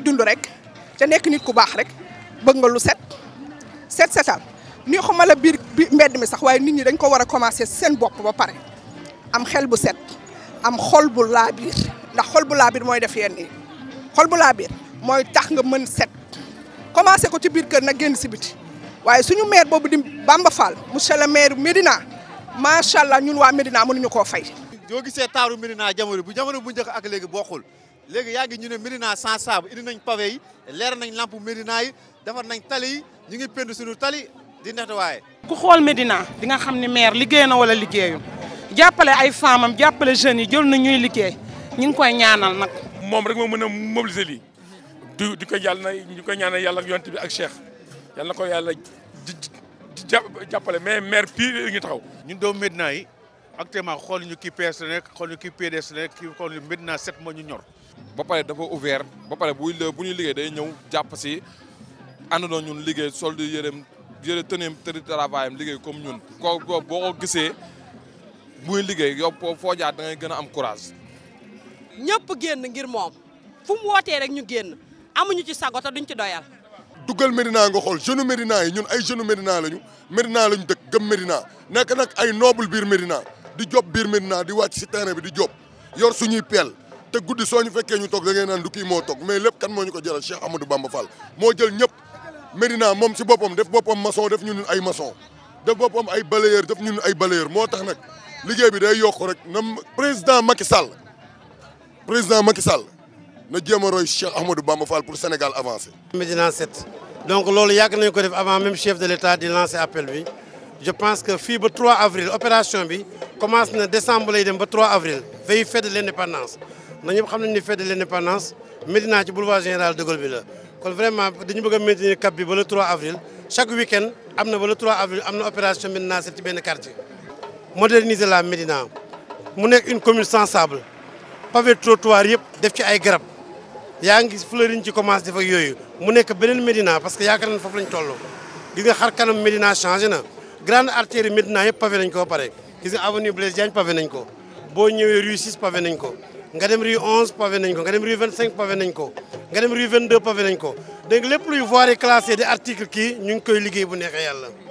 kuy dund rek te nekk nit ku baax rek bëgg nga lu set set setal ni xuma la biir bi mbedd mi sax waaye nit ñi dañ koo war a commencé seen bopp ba pare am xel bu set am xol bu laabiir ndax xol bu laabiir mooy def yenn yi xol bu laabiir mooy tax nga mën set commencé ko ci biir kër nag génn si biti waaye suñu meer boobu di Bamba Fall monsieur le maire Médina macha allah ñun waa Médina mënuñu koo fay. yoo gisee taaru Médina jamono bu jamono bu njëkk ak léegi boo bokkul. léegi yaa ngi ñu ne Médina sans sable indi nañ pavé yi leer nañ lamp Médina yi defar nañ tali yi ñu ngi pénd tali di te waaye. ku xool Médina di nga xam ni maire liggéey na wala liggéeyu jàppale ay femmes jàppale jeunes yi jël na ñuy liggéey ñu ngi koy ñaanal nag. moom rek moo mën a mobiliser lii du di ko yàlla di ko ñaanal yàlla ak yonent bi ak Cheikh yàlla na ko yàlla jàppale mais maire pi yi ngi taxaw. ñun doomu Médina yi. actuellement xool ñu kii PS nekk xool ñu kii PDS la nekk kii xool ñu Médina ñu ñor. ba pare dafa ouvert ba pare buy la bu ñuy liggéey day ñëw jàpp si àndandoo ñun liggéey sol di yërëm yërë tëneem tëri travaayam liggéey comme ñun. ko ko boo ko gisee muy liggéey yow foo jaar da ngay gën a am courage. ñëpp génn ngir moom fu mu wootee rek ñu génn amuñu ci sago te duñ ci doyal. dugal Médina nga xool jeune Médina yi ñun ay jeune Médina lañu Médina lañu dëkk gëm Médina nekk nag ay noble biir Médina. di job biir Médina di wàcc si terrain bi di job yor suñuy peel te guddi soo ñu fekkee ñu toog da ngay naan du kii moo toog mais lépp kan moo ñu ko jëral Cheikh Amadou Bamba Fall moo jël ñëpp Médina moom si boppam def boppam maçon def ñu nu ay maçon def boppam ay balayeur def ñun ay balayeur moo tax nag liggéey bi day yokk rek na président Macky Sall président Macky Sall na jéem a roy Cheikh Amadou Bamba Fall pour Sénégal avancé. Médina 7 donc loolu yàgg nañu ko def avant même chef de l' état di lancer appel bi je que fii ba 3 avril opération bi. commence en décembre lay dem ba 3 avril veille fête de l'indépendance. Nous na ñëpp fête de l'indépendance. Médina ci boulevard général de Gaulle bi vraiment nous bëgg a maintenir cap bi ba le 3 avril chaque week-end am na ba le 3 avril am opération Médina C'est ci benn quartier. moderniser la Médina mu nekk une commune sans sable pavé trottoir yëpp def ci ay garab a ngi fleur yi ci commencé def ak yooyu mu nekk beneen Médina parce que yaakaar nañ foofu lañ toll. gis nga xar kanam Médina changé na grande artère yi Médina yëpp pavé nañ ko ba gis nga avenue Blaise Diagne pavé nañ ko boo ñëwee rue 6 pavé nañ ko nga dem rue 11 pavé nañ ko nga dem rue 25 pavé nañ ko nga dem rue 22 pavé nañ ko dégg lépp luy voirie classé des articles kii ñu ngi koy liggéey bu neexee yàlla